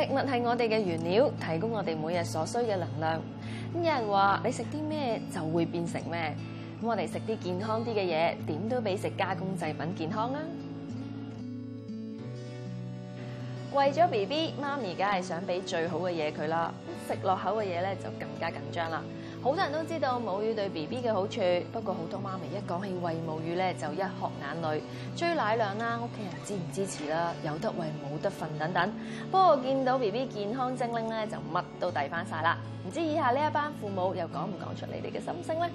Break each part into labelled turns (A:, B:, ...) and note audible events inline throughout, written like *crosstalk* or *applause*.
A: 食物係我哋嘅原料，提供我哋每日所需嘅能量。咁有人話你食啲咩就會變成咩，咁我哋食啲健康啲嘅嘢，點都比食加工製品健康啊。 *noise* 為咗 BB 媽咪，梗係想俾最好嘅嘢佢啦，食落口嘅嘢咧就更加緊張啦。好多人都知道母乳對 B B 嘅好處，不過好多媽咪一講起餵母乳咧，就一殼眼淚，追奶量啦，屋企人支唔支持啦，有得餵冇得瞓等等。不過見到 B B 健康精靈咧，就乜都抵翻晒。啦唔知以下呢一班父母又講唔講出你哋嘅心聲咧？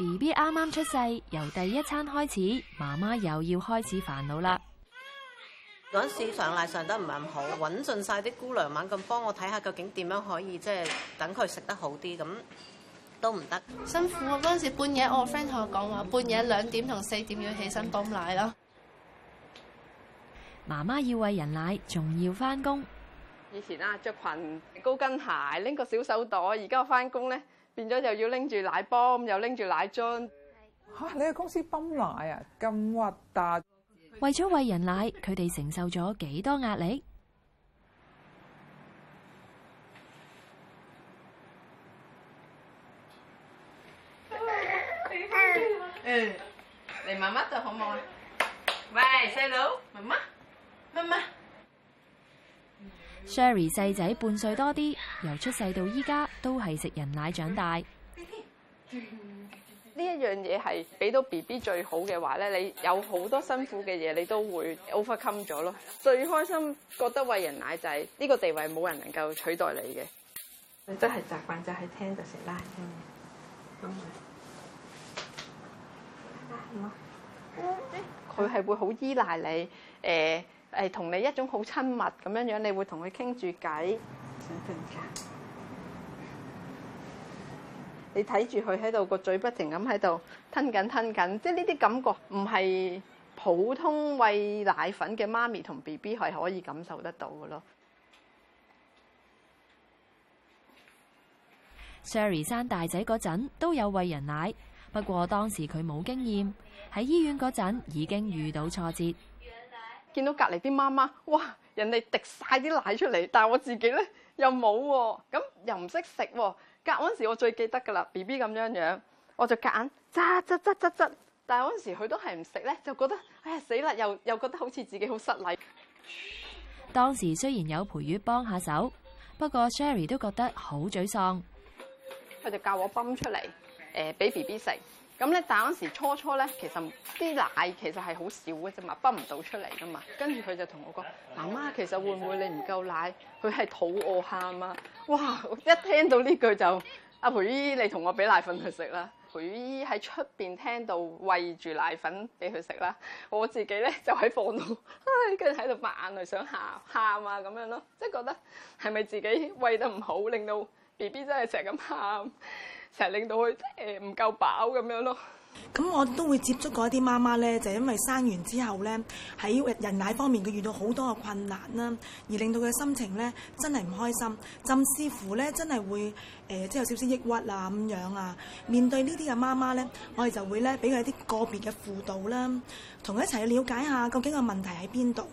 A: B B 啱啱出世，由第一餐開始，媽媽又要開始煩惱啦。
B: 嗰時上奶上得唔係咁好，揾盡晒啲姑娘猛咁幫我睇下究竟點樣可以即係等佢食得好啲，咁都唔得。辛苦啊！我嗰陣時半夜，我 friend 同我講話半夜兩點同四點要起身供奶咯。
A: 媽媽要喂人奶，仲要翻工。
B: 以前啊，着裙高跟鞋拎個小手袋，而家我翻工咧。變咗又要拎住奶泵，又拎住奶樽，
C: 嚇！你去公司泵奶啊，咁核突。
A: 為咗餵人奶，佢哋承受咗幾多壓力？誒，
B: 嚟媽媽就好冇？
A: 喂，細佬，媽媽，
B: 媽媽。
A: Sherry 細仔半歲多啲，由出世到依家都係食人奶長大。
B: 呢一、嗯、 *laughs* 樣嘢係俾到 B B 最好嘅話咧，你有好多辛苦嘅嘢，你都會 overcome 咗咯。最開心覺得喂人奶就係、是、呢、呢個地位冇人能夠取代你嘅。你真係習慣就喺廳就食奶。佢係會好依賴你誒。誒，同你一種好親密咁樣樣，你會同佢傾住偈。 *noise* 你睇住佢喺度個嘴不停咁喺度吞緊吞緊，即係呢啲感覺唔係普通餵奶粉嘅媽咪同 B B 係可以感受得到嘅咯。
A: Sherry 生大仔嗰陣都有餵人奶，不過當時佢冇經驗，喺醫院嗰陣已經遇到挫折。見到隔籬啲媽媽，
B: 哇！人哋滴晒啲奶出嚟，但係我自己咧又冇喎、啊，咁又唔識食喎。隔嗰時我最記得噶啦，B B 咁樣樣，我就夾硬擠擠擠擠擠，但係嗰時佢都係唔食咧，就覺得唉、哎、死啦，又又覺得好似自己好失禮。
A: 當時雖然有陪月幫下手，不過 Sherry 都覺得好沮喪。
B: 佢就教我泵出嚟，誒、呃，俾 B B 食。咁咧，但嗰時初初咧，其實啲奶其實係好少嘅啫嘛，泵唔到出嚟噶嘛。跟住佢就同我講：媽媽其實會唔會你唔夠奶？佢係肚餓喊啊！哇！一聽到呢句就阿、 *laughs* 啊、培姨，你同我俾奶粉佢食啦。培姨喺出邊聽到餵住奶粉俾佢食啦，我自己咧就喺房度，唉、哎，跟住喺度抹眼淚想喊喊啊咁樣咯，即係覺得係咪自己餵得唔好，令到 B B 真係成日咁喊。成日令到佢即係唔夠飽咁樣
A: 咯。咁我都會接觸過一啲媽媽咧，就係、因為生完之後咧，喺人奶方面佢遇到好多嘅困難啦，而令到佢嘅心情咧真係唔開心，甚至乎咧真係會誒、呃、即係有少少抑鬱啊咁樣啊。面對呢啲嘅媽媽咧，我哋就會咧俾佢一啲個別嘅輔導啦，同佢一齊去
B: 了解下究竟個問題喺邊度。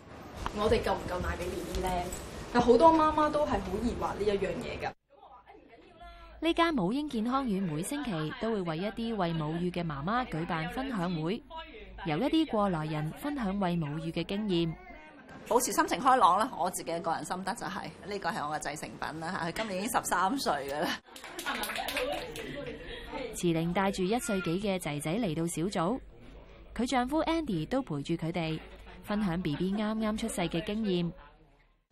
B: 我哋夠唔夠奶俾 BB 咧？有好多媽媽都係好疑惑呢一樣嘢㗎。
A: 呢間母嬰健康院每星期都會為一啲餵母乳嘅媽媽舉辦分享會，由一啲過來人分享餵母乳嘅經驗，保持心情開朗啦。我自己個人心得就係、是、呢、這個係我嘅製成品啦吓，佢今年已經十三歲㗎喇。慈玲帶住一歲幾嘅仔仔嚟到小組，佢丈夫 Andy 都陪住佢哋分享 B B 啱啱出世嘅經驗。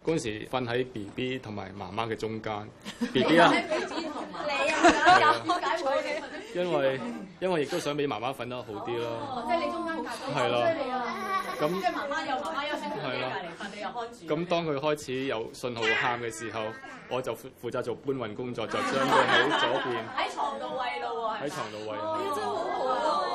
D: 嗰時瞓喺 B B 同埋媽媽嘅中間，B B 啊。
A: *laughs* 了 *laughs* 你啊咁點解會嘅？因為
D: 因為亦都想俾媽媽瞓得好啲咯。即係你中
A: 間好架勢，係啦、喔。咁即係媽媽又媽媽休息係隔離瞓，你又看住。咁、哎嗯
D: 啊、當佢開始有信號喊嘅時候，我就負負責做搬運工作，就將佢、啊啊哦、喺左邊喺床度餵咯
A: 喎，
B: 喺
C: 床度餵。
A: 哇，真好好。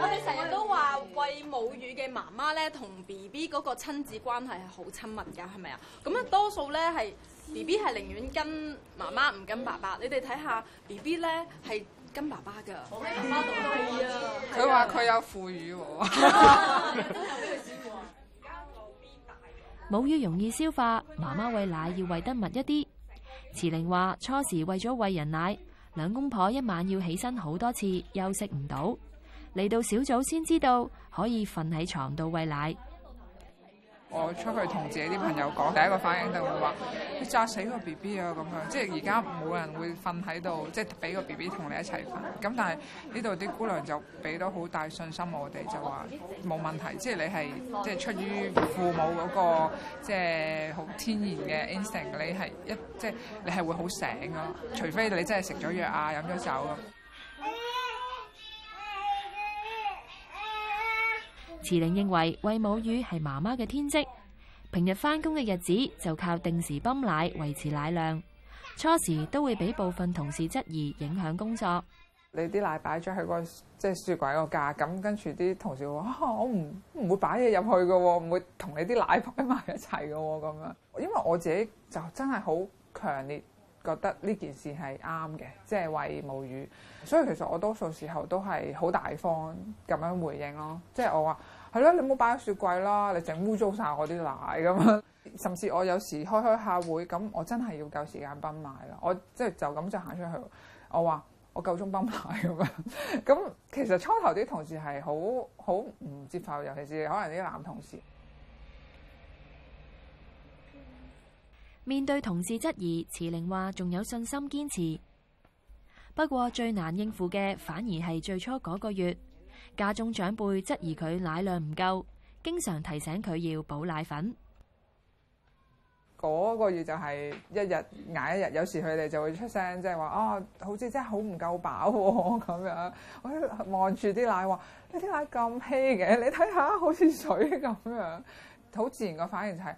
A: 我哋成日都話
B: 餵母乳嘅媽媽咧，同 B B 嗰個親子關係係好親密嘅，係咪啊？咁、uh、啊，多數咧係。B B 係寧願跟媽媽唔跟爸爸，你哋睇下 B B 咧係跟爸
A: 爸噶。佢話佢有母乳。 *laughs* 啊、母乳容易消化，媽媽餵奶要餵得密一啲。慈玲話初時為咗餵人奶，兩公婆一晚要起身好多次，休息唔到。嚟到小組先知道可以瞓喺床度餵奶。
C: 我出去同自己啲朋友講，第一個反應就會話：你炸死個 BB 啊咁樣！即係而家冇人會瞓喺度，即係俾個 BB 同你一齊瞓。咁但係呢度啲姑娘就俾到好大信心我哋，就話冇問題。即係你係即係出於父母嗰個即係好天然嘅 instinct，你係一即係你係會好醒咯。除非你真係食咗藥啊，飲咗酒咁。
A: 慈玲認為喂母乳係媽媽嘅天職，平日翻工嘅日子就靠定時泵奶
C: 維持奶量。初時都會俾部分同事質疑影響工作。你啲奶擺咗喺個即係雪櫃個架，咁跟住啲同事話、啊：我唔唔會擺嘢入去嘅，唔會同你啲奶擺埋一齊嘅。咁樣，因為我自己就真係好強烈。覺得呢件事係啱嘅，即係餵母乳，所以其實我多數時候都係好大方咁樣回應咯，即、就、係、是、我話係咯，你冇擺喺雪櫃啦，你整污糟晒我啲奶咁樣、啊，甚至我有時開開下會咁，我真係要夠時間崩奶泵奶啦，我即係就咁就行出去，我話我夠鐘泵奶咁樣，咁、啊、 *laughs* 其實初頭啲同事係好好唔接受，尤其是可能啲男同事。
A: 面對同事質疑，慈玲話仲有信心堅持。不過最難應付嘅反而係最初嗰個月，家中長輩質疑佢奶量唔夠，
C: 經常提醒佢要補奶粉。嗰個月就係一日挨一日，有時佢哋就會出聲，即係話啊，好似真係好唔夠飽咁、啊、樣。我望住啲奶話，你啲奶咁稀嘅，你睇下好似水咁樣，好自然嘅反應就係、是。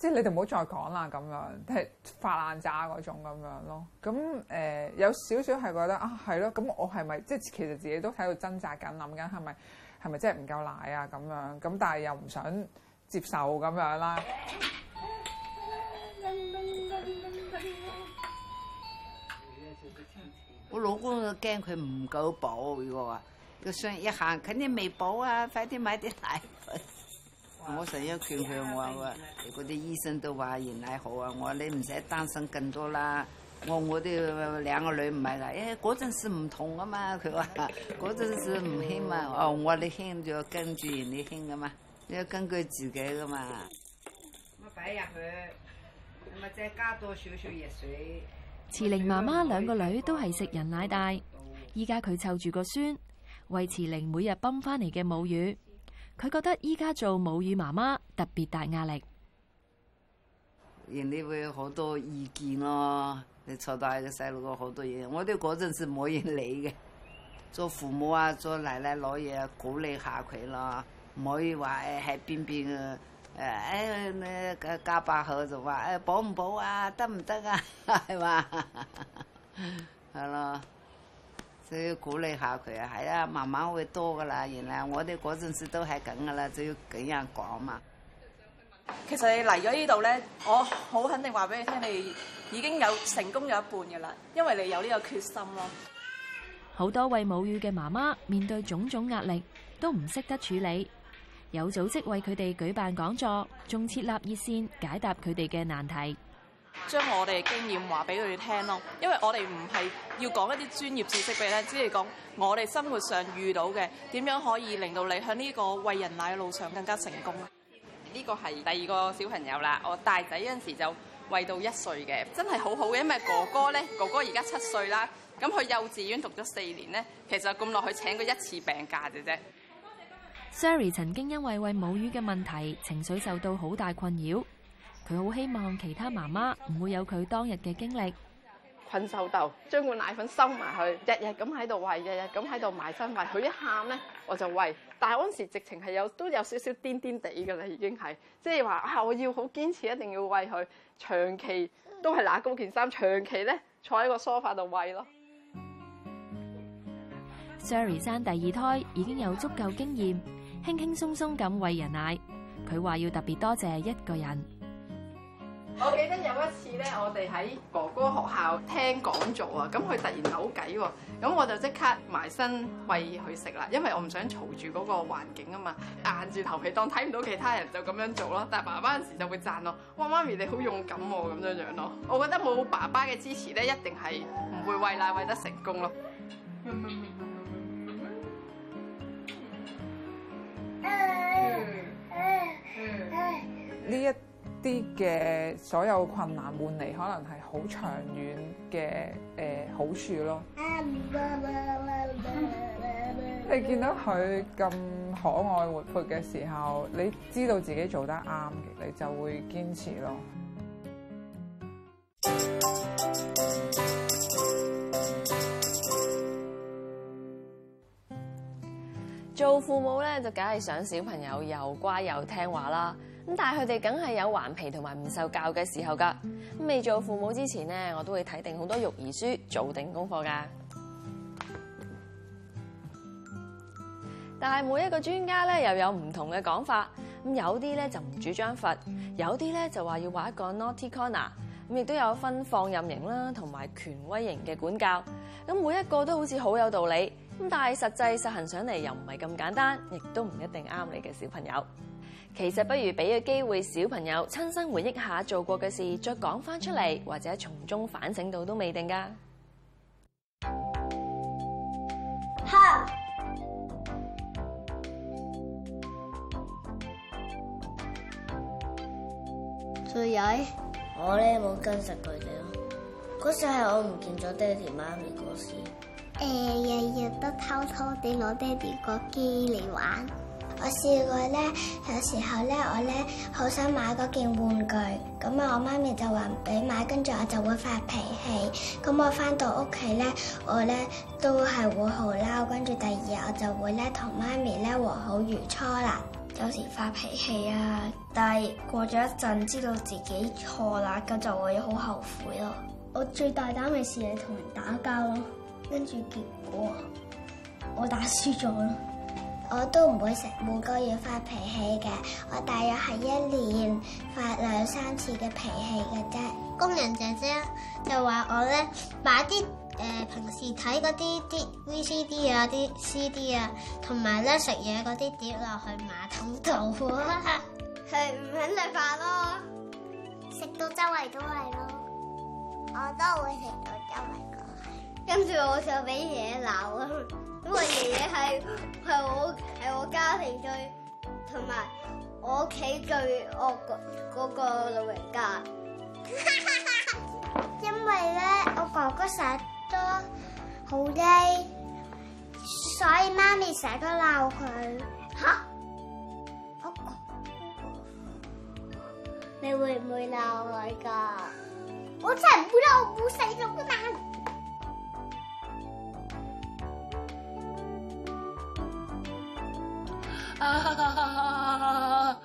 C: 即係你哋唔好再講啦，咁樣即係發爛渣嗰種咁樣咯。咁誒、呃、有少少係覺得啊，係咯，咁我係咪即係其實自己都喺度掙扎緊，諗緊係咪係咪即係唔夠奶啊咁樣？咁但係又唔想接受咁樣啦。我老公就驚佢唔
B: 夠補，如果話佢想一行，肯定未補啊，快啲買啲奶。我成日叫佢，我話嗰啲醫生都話人奶好啊。我話你唔使擔心咁多啦。我我要兩個女唔係啦，誒嗰陣時唔同噶嘛，佢話嗰陣時唔興嘛。哦，我話你興就跟住，你人哋興噶嘛，
A: 要根據自己噶嘛。我擺入去，咁啊再加多
B: 少少藥水。
A: 慈玲媽媽兩個女都係食人奶大，依家佢湊住個孫，為慈玲每日泵翻嚟嘅母乳。佢覺得依家做母乳媽媽特別大壓力，
E: 人哋會好多
B: 意見咯。你湊大嘅細路哥好多嘢，
A: 我哋嗰陣時係唔可以理
B: 嘅。做父母啊，做奶奶攞嘢鼓勵下佢咯，唔可以話唉，邊邊啊，唉，你家家爸好就話唉，保唔保啊？得唔得啊？係嘛？係 *laughs* 咯。都要鼓勵下佢啊，係啦，慢慢會多噶啦。原來我哋嗰陣時都係咁噶啦，就要咁樣講嘛。其實你嚟咗呢度咧，我好肯定話俾你聽，你已經有成功有一半噶啦，因為你有呢個決心咯。
A: 好多餵母乳嘅媽媽面對種種壓力都唔識得處理，有組織為佢哋舉辦講座，仲設立熱線解答佢哋嘅難題。
B: 將我哋嘅經驗話俾佢哋聽咯，因為我哋唔係要講一啲專業知識俾佢哋，只係講我哋生活上遇到嘅，點樣可以令到你喺呢個餵人奶嘅路上更加成功。呢個係第二個小朋友啦，我大仔嗰陣時就餵到一歲嘅，真係好好嘅，因為哥哥咧，哥哥而家七歲啦，咁去幼稚園讀咗四年咧，其實咁落去請過一次病假嘅啫。
A: Siri *music* 曾經因為餵母乳嘅問題，情緒受到好大困擾。佢好希望其他媽媽唔會有佢當日嘅經歷。
B: 困獸鬥，將碗奶粉收埋去，日日咁喺度餵，日日咁喺度埋身餵。佢一喊咧，我就餵。但係嗰時直情係有都有少少癲癲地嘅啦，已經係即係話啊，我要好堅持，一定要餵佢。長期都係拿高件衫，長期咧坐喺個梳化度餵咯。
A: Siri 生第二胎已經有足夠經驗，輕輕鬆鬆咁餵人奶。佢話要特別多謝一個人。
B: 我記得有一次咧，我哋喺哥哥學校聽講座啊，咁佢突然扭計喎，咁我就即刻埋身餵佢食啦，因為我唔想嘈住嗰個環境啊嘛，硬住頭皮當睇唔到其他人就咁樣做咯。但係爸爸陣時就會讚我，哇媽咪你好勇敢喎、啊、咁樣樣咯。我覺得冇爸爸嘅支持咧，一定係唔會餵奶餵得成功咯。
E: 你
C: 一啲嘅所有困難換嚟，可能係好長遠嘅誒、呃、好處咯。
E: *laughs* 你見
C: 到佢咁可愛活潑嘅時候，你知道自己做得啱嘅，你就會堅持咯。
A: 做父母咧，就梗係想小朋友又乖又聽話啦。咁但係佢哋梗係有頑皮同埋唔受教嘅時候噶未做父母之前呢，我都會睇定好多育兒書，做定功課噶但係每一個專家咧又有唔同嘅講法，咁有啲咧就唔主張罰，有啲咧就話要畫一個 naughty corner，咁亦都有分放任型啦，同埋權威型嘅管教。咁每一個都好似好有道理，咁但係實際實行上嚟，又唔係咁簡單，亦都唔一定啱你嘅小朋友。其實不如俾個機會小朋友親身回憶下做過嘅事，再講翻出嚟，或者從中反省到都未定噶。
E: 哈！最曳，
C: 我咧冇
E: 跟實佢哋咯。嗰時係我唔見咗爹哋媽咪嗰時。誒、呃，日日都偷偷地攞我爹哋個機嚟玩。我試過咧，有時候咧，我咧好想買嗰件玩具，咁啊，我媽咪就話唔俾買，跟住我就會發脾氣。咁我翻到屋企咧，我咧都係會好嬲，跟住第二日我就會咧同媽咪咧和好如初啦。有時發脾氣啊，但係過咗一陣知道自己錯啦，咁就會好後悔咯啊。我最大膽嘅事係同人打交咯，跟住結果我打輸咗咯。我都唔會食每個月發脾氣嘅，我大約係一年發兩三次嘅脾氣嘅啫。工人姐姐就話我咧買啲誒、呃、平時睇嗰啲啲 VCD 啊、啲 CD 啊，同埋咧食嘢嗰啲碟落去馬桶度，啊，佢唔 *laughs* *laughs* 肯食飯咯，食到周圍都係咯，我都會食到周圍。跟住我就俾爺爺鬧啦，因為爺爺係係我係我家庭最同埋我屋企最惡個嗰個老人家。因為咧，我哥哥成日都好曳，所以媽咪成日都鬧佢。嚇？你會唔會鬧我噶？我真係唔會鬧，我冇細路㗎嘛。
A: 啊啊啊啊、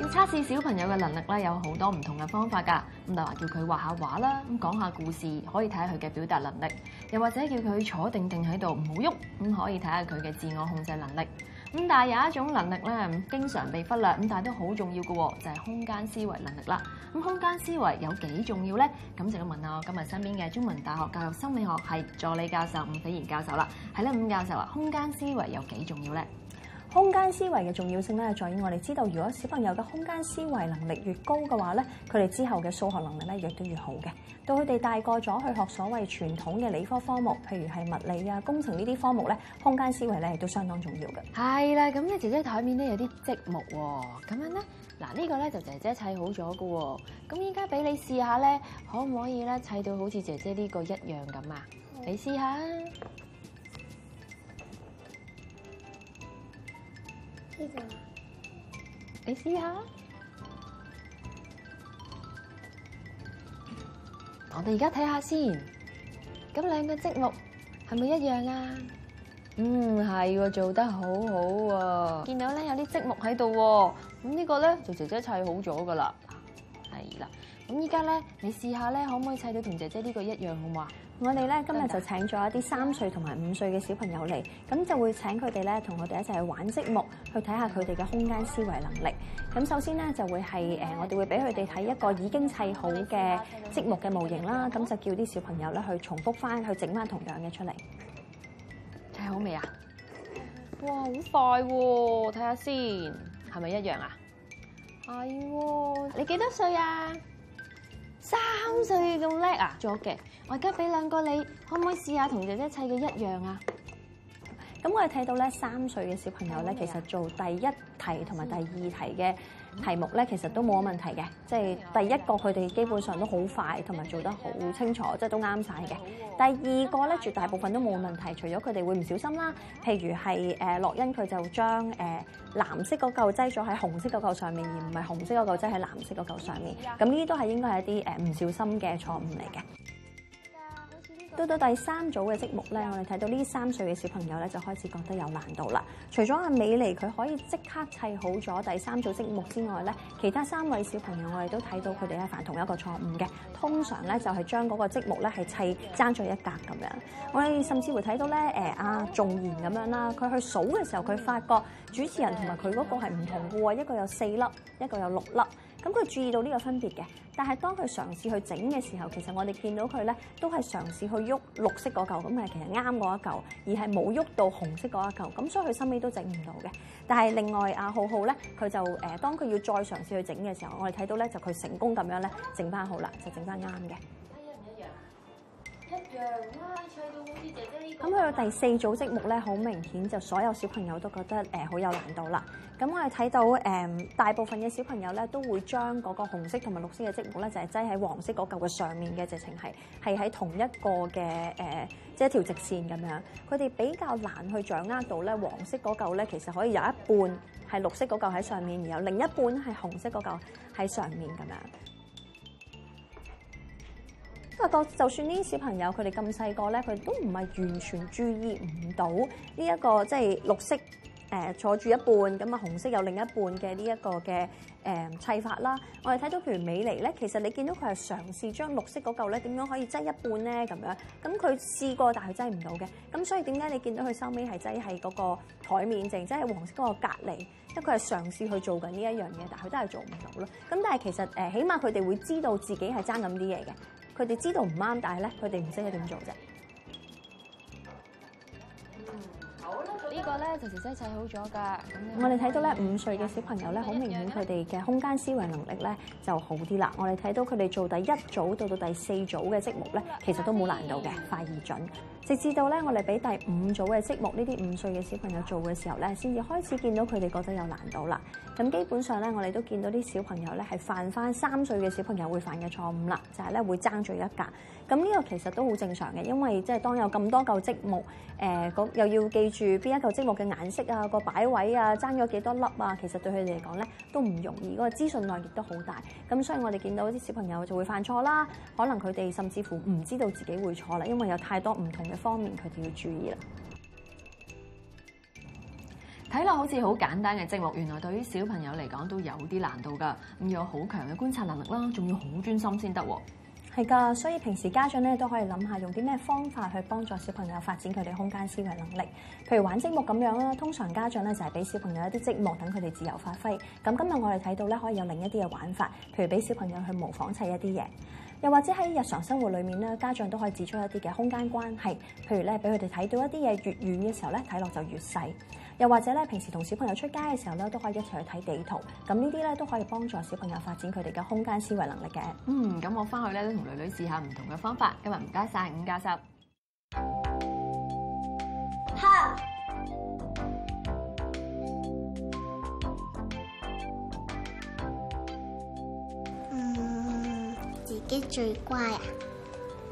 A: 要測試小朋友嘅能力咧，有好多唔同嘅方法噶。咁就話叫佢畫下畫啦，咁講下故事，可以睇下佢嘅表達能力；又或者叫佢坐定定喺度唔好喐，咁可以睇下佢嘅自我控制能力。咁但係有一種能力咧，咁經常被忽略，咁但係都好重要噶，就係、是、空間思維能力啦。咁空間思維有幾重要咧？咁就要問下我今日身邊嘅中文大學教育心理學系助理教授吳斐然教授啦。係啦，伍教授話空間思維有幾重要咧？
D: 空間思維嘅重要性咧，在於我哋知道，如果小朋友嘅空間思維能力越高嘅話咧，佢哋之後嘅數學能力咧，亦都越好嘅。到佢哋大個咗去學所謂傳統嘅理科科目，譬如係物理啊、工程呢啲科目咧，空間思維咧
A: 亦都相當重要嘅。係啦，咁咧，姐姐台面都有啲積木喎、啊，咁樣咧，嗱、這個、呢個咧就姐姐砌好咗嘅、啊，咁依家俾你試下咧，可唔可以咧砌到好似姐姐呢個一樣咁啊？你試下。你試下，我哋而家睇下先。咁兩個積木係咪一樣啊？嗯，係，做得好好啊喎。見到咧有啲積木喺度喎。咁呢個咧，就姐姐砌好咗噶啦。係啦，咁依家咧，你試下咧，可唔可以砌到同姐姐呢個一樣，好唔好啊？我哋咧今日就請咗一啲三歲同埋五歲
D: 嘅小朋友嚟，咁就會請佢哋咧同我哋一齊去玩積木，去睇下佢哋嘅空間思維能力。咁首先咧就會係誒，我哋會俾佢哋睇一個已經砌好嘅積木嘅模型啦，咁就叫啲小朋友咧去重複翻去整翻同樣嘅出嚟。
A: 睇好未啊？哇，好快喎，啊！睇下先，係咪一樣啊？係喎，啊。你幾多歲啊？三歲咁叻啊，做嘅、嗯，我而家俾兩個你，可唔可以試下同姐姐砌嘅一樣啊？
D: 咁我哋睇到咧，三歲嘅小朋友咧，其實做第一題同埋第二題嘅。題目咧，其實都冇乜問題嘅，即係第一個佢哋基本上都好快同埋做得好清楚，即係都啱晒嘅。第二個咧，絕大部分都冇問題，除咗佢哋會唔小心啦，譬如係誒、呃、洛恩佢就將誒、呃、藍色嗰嚿擠咗喺紅色嗰嚿上面，而唔係紅色嗰嚿擠喺藍色嗰嚿上面，咁呢啲都係應該係一啲誒唔小心嘅錯誤嚟嘅。到到第三組嘅積木咧，我哋睇到呢三歲嘅小朋友咧就開始覺得有難度啦。除咗阿美妮佢可以即刻砌好咗第三組積木之外咧，其他三位小朋友我哋都睇到佢哋係犯同一個錯誤嘅，通常咧就係將嗰個積木咧係砌爭咗一格咁樣。我哋甚至會睇到咧，誒、啊、阿仲賢咁樣啦，佢去數嘅時候佢發覺主持人同埋佢嗰個係唔同嘅喎，一個有四粒，一個有六粒。咁佢注意到呢個分別嘅，但係當佢嘗試去整嘅時候，其實我哋見到佢咧都係嘗試去喐綠色嗰嚿，咁係其實啱嗰一嚿，而係冇喐到紅色嗰一嚿，咁所以佢收尾都整唔到嘅。但係另外阿浩浩咧，佢就誒、呃、當佢要再嘗試去整嘅時候，我哋睇到咧就佢成功咁樣咧整翻好啦，就整翻啱嘅。
A: 一樣啦，唱到好似姐姐
D: 呢？咁佢到第四組積木咧，好明顯就所有小朋友都覺得誒好、呃、有難度啦。咁我哋睇到誒、呃、大部分嘅小朋友咧，都會將嗰個紅色同埋綠色嘅積木咧，就係擠喺黃色嗰嚿嘅上面嘅，直情係係喺同一個嘅誒，即、呃、係、就是、一條直線咁樣。佢哋比較難去掌握到咧，黃色嗰嚿咧其實可以有一半係綠色嗰嚿喺上面，然後另一半係紅色嗰嚿喺上面咁樣。個就算呢啲小朋友，佢哋咁細個咧，佢都唔係完全注意唔到呢、這、一個即係綠色誒、呃、坐住一半咁啊，紅色有另一半嘅呢一個嘅誒、呃、砌法啦。我哋睇到譬如美妮咧，其實你見到佢係嘗試將綠色嗰嚿咧點樣可以擠一半咧咁樣，咁佢試過，但佢擠唔到嘅。咁所以點解你見到佢收尾係擠係嗰個台面淨，擠係黃色嗰個隔離，因為佢係嘗試去做緊呢一樣嘢，但係佢都係做唔到咯。咁但係其實誒、呃，起碼佢哋會知道自己係爭緊啲嘢嘅。佢哋知道唔啱，但係咧，佢哋唔識得點做啫。
A: 個呢個咧就直、是、接砌好咗㗎。咁我哋睇到咧五
D: 歲嘅小朋友咧，好、嗯、明顯佢哋嘅空間思維能力咧就好啲啦。我哋睇到佢哋做第一組到到第四組嘅積木咧，其實都冇難度嘅，快而準。直至到咧我哋俾第五組嘅積木呢啲五歲嘅小朋友做嘅時候咧，先至開始見到佢哋覺得有難度啦。咁基本上咧，我哋都見到啲小朋友咧係犯翻三歲嘅小朋友會犯嘅錯誤啦，就係、是、咧會爭住一格。咁呢個其實都好正常嘅，因為即係當有咁多嚿積木，誒、呃，又要記住邊一嚿積木嘅顏色啊，個擺位啊，爭咗幾多粒啊，其實對佢哋嚟講咧都唔容易，嗰、那個資訊量亦都好大。咁所以我哋見到啲小朋友就會犯錯啦，可能佢哋甚至乎唔知道自己會錯啦，因為有太多唔同嘅方面佢哋要注意啦。
A: 睇落好似好簡單嘅積木，原來對於小朋友嚟講都有啲難度㗎。咁有好強嘅觀察能力啦，仲要好專心先得喎。
D: 係噶，所以平時家長咧都可以諗下用啲咩方法去幫助小朋友發展佢哋空間思維能力，譬如玩積木咁樣啦。通常家長咧就係俾小朋友一啲積木，等佢哋自由發揮。咁今日我哋睇到咧，可以有另一啲嘅玩法，譬如俾小朋友去模仿砌一啲嘢，又或者喺日常生活裏面咧，家長都可以指出一啲嘅空間關係，譬如咧俾佢哋睇到一啲嘢越遠嘅時候咧，睇落就越細。又或者咧，平時同小朋友出街嘅時候咧，都可以一齊去睇地圖。咁呢啲咧都可以幫助小朋友發展佢哋嘅空間思維能力嘅。嗯，咁我翻去咧都同
A: 女女試下唔同嘅方法。今日唔該晒伍教授。
E: 哈。嗯，自己最乖啊！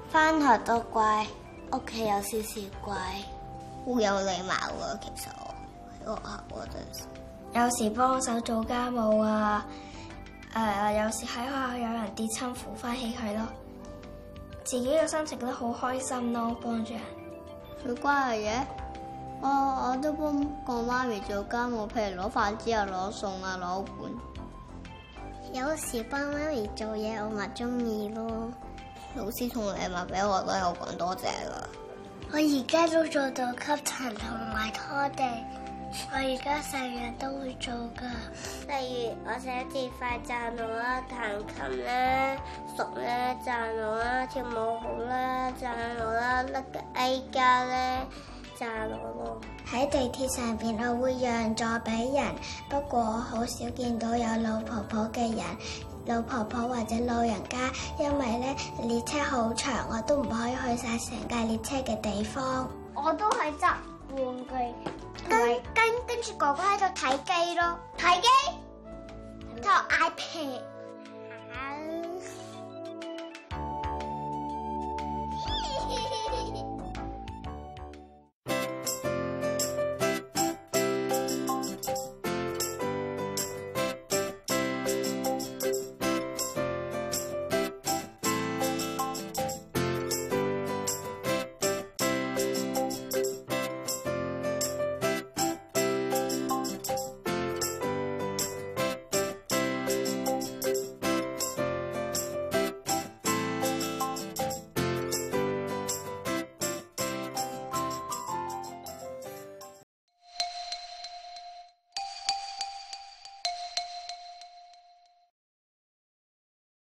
E: 翻學都乖，屋企有少少乖，好有禮貌嘅其實。落客，我就有時幫手做家務啊，誒、啊，有時喺學校有人跌親，扶翻起佢咯，自己嘅心情都好開心咯，幫住人。最乖嘅嘢，我我都幫過媽咪做家務，譬如攞飯、之後、攞餸啊、攞碗。有時幫媽咪做嘢，我咪中意咯。老師同禮物俾我都有講多謝啦。我而家都做到吸塵同埋拖地。我而家成日都會做噶，例如我寫字、快讚我啦、彈琴咧、熟咧、讚我啦、跳舞好啦、讚我啦、甩個 A 加咧、讚我咯。喺地鐵上邊，我會讓座俾人，不過我好少見到有老婆婆嘅人，老婆婆或者老人家，因為咧列車好長，我都唔可以去晒成架列車嘅地方。我都係執。玩具，跟跟跟住哥哥喺度睇機咯，睇機，就 iPad。